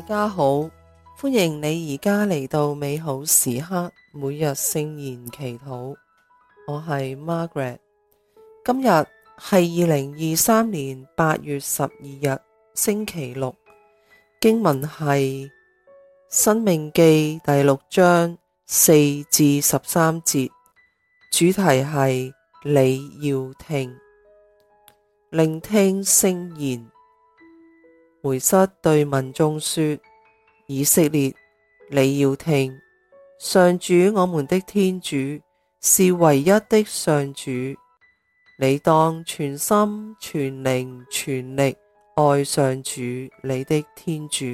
大家好，歡迎你而家嚟到美好時刻每日聖言祈禱，我係 Margaret，今日係二零二三年八月十二日星期六，經文係《申命紀》第六章四至十三節，主題係你要聽，聆聽聖言。梅瑟對民眾說：以色列，你要聽，上主我們的天主是唯一的上主，你當全心、全靈、全力愛上主你的天主。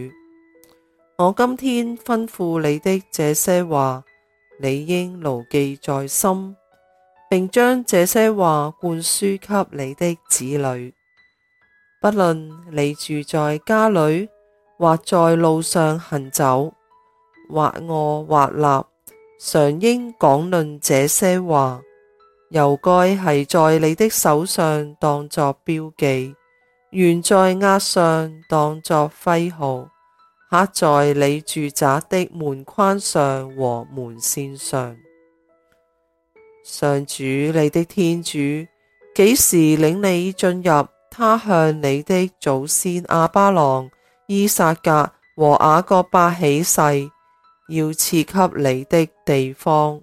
我今天吩咐你的這些話，你應牢記在心，並將這些話灌輸給你的子女。不論你住在家裡，或在路上行走，或臥或立，常應講論這些話。又該繫在你的手上，當作標記，懸在額上，當作徽號，刻在你住宅的門框上和門扇上。上主你的天主，幾時領你進入，他向你的祖先亞巴郎、依撒格和雅各伯起誓，要賜給你的地方，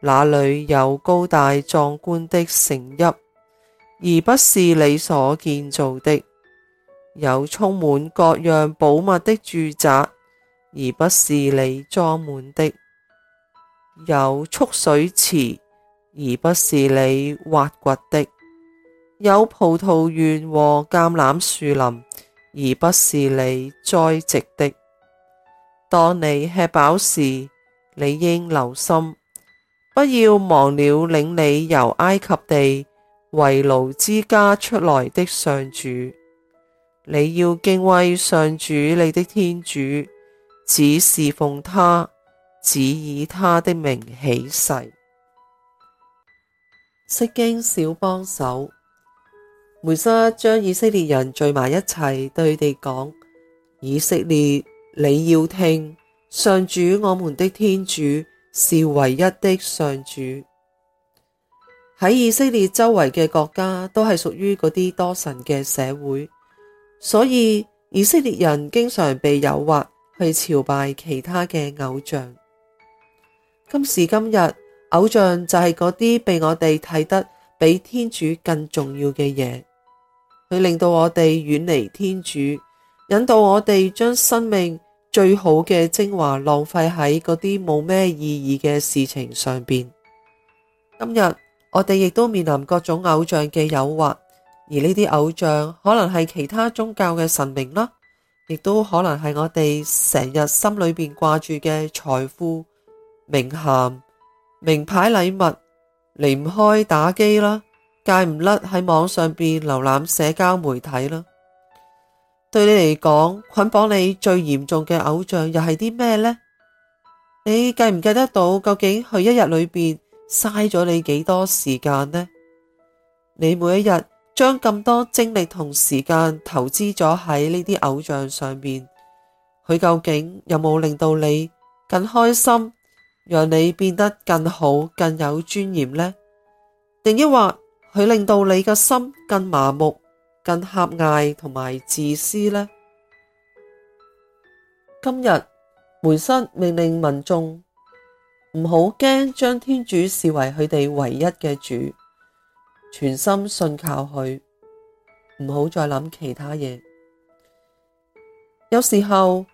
那裡有高大壯觀的城邑，而不是你所建造的；有充滿各樣寶物的住宅，而不是你裝滿的；有蓄水池，而不是你挖掘的。有葡萄園和橄欖樹林，而不是你栽植的。當你吃飽時，你應留心，不要忘了領你由埃及地，為奴之家，出來的上主。你要敬畏上主你的天主，只事奉他，只以他的名起誓。釋經小幫手。梅瑟將以色列人聚埋一齊，對佢哋講：以色列，你要聽，上主我們的天主是唯一的上主。喺以色列周圍嘅國家都係屬於嗰啲多神嘅社會，所以以色列人經常被誘惑去朝拜其他嘅偶像。今時今日，偶像就係嗰啲被我哋睇得比天主更重要嘅嘢。佢令到我哋遠離天主，引導我哋將生命最好嘅精華浪費喺嗰啲冇咩意義嘅事情上邊。今日我哋亦都面臨各種偶像嘅誘惑，而呢啲偶像可能係其他宗教嘅神明啦，亦都可能係我哋成日心裏邊掛住嘅財富、名銜、名牌禮物，離唔開打機啦。戒唔甩喺網上邊瀏覽社交媒體啦，對你嚟講，捆綁你最嚴重嘅偶像又係啲咩呢？你計唔計得到？究竟佢一日裏邊嘥咗你幾多時間呢？你每一日將咁多精力同時間投資咗喺呢啲偶像上面，佢究竟有冇令到你更開心，讓你變得更好、更有尊嚴呢？定抑或？佢令到你嘅心更麻木、更狹隘同埋自私呢。今日梅瑟命令民眾唔好驚，將天主視為佢哋唯一嘅主，全心信靠佢，唔好再諗其他嘢。有時候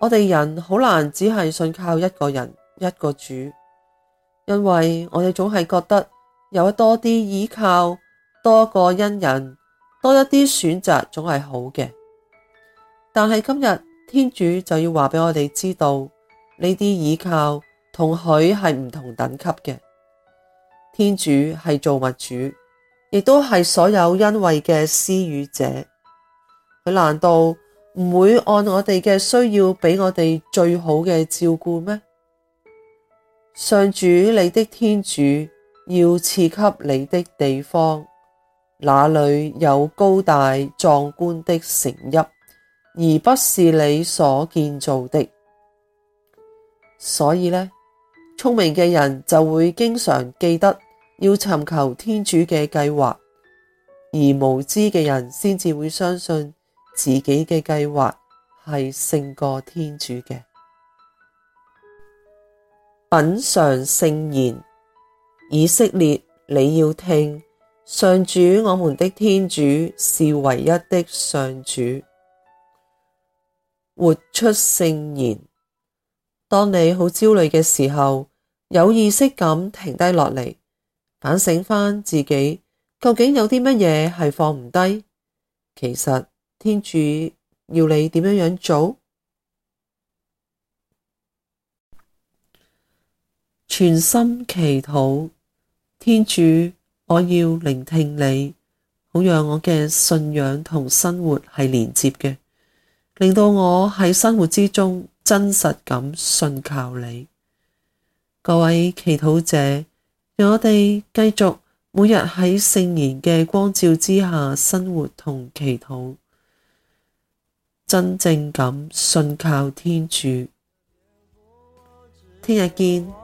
我哋人好難只係信靠一個人、一個主，因為我哋總係覺得。有多啲依靠，多個恩人，多一啲選擇總係好嘅。但係今日天主就要話俾我哋知道，呢啲依靠同佢係唔同等級嘅。天主係造物主，亦都係所有恩惠嘅施予者。佢難道唔會按我哋嘅需要俾我哋最好嘅照顧咩？上主，你的天主。要賜給你的地方，那裡有高大壯觀的城邑，而不是你所建造的。所以呢，聰明嘅人就會經常記得要尋求天主嘅計劃，而無知嘅人先至會相信自己嘅計劃係勝過天主嘅。品嘗聖言。以色列，你要聽：上主我們的天主是唯一的上主。活出聖言。當你好焦慮嘅時候，有意識咁停低落嚟，反省返自己，究竟有啲乜嘢係放唔低？其實天主要你點樣樣做？全心祈禱，天主，我要聆聽你，好讓我嘅信仰同生活係連接嘅，令到我喺生活之中真實咁信靠你。各位祈禱者，讓我哋繼續每日喺聖言嘅光照之下生活同祈禱，真正咁信靠天主。聽日見。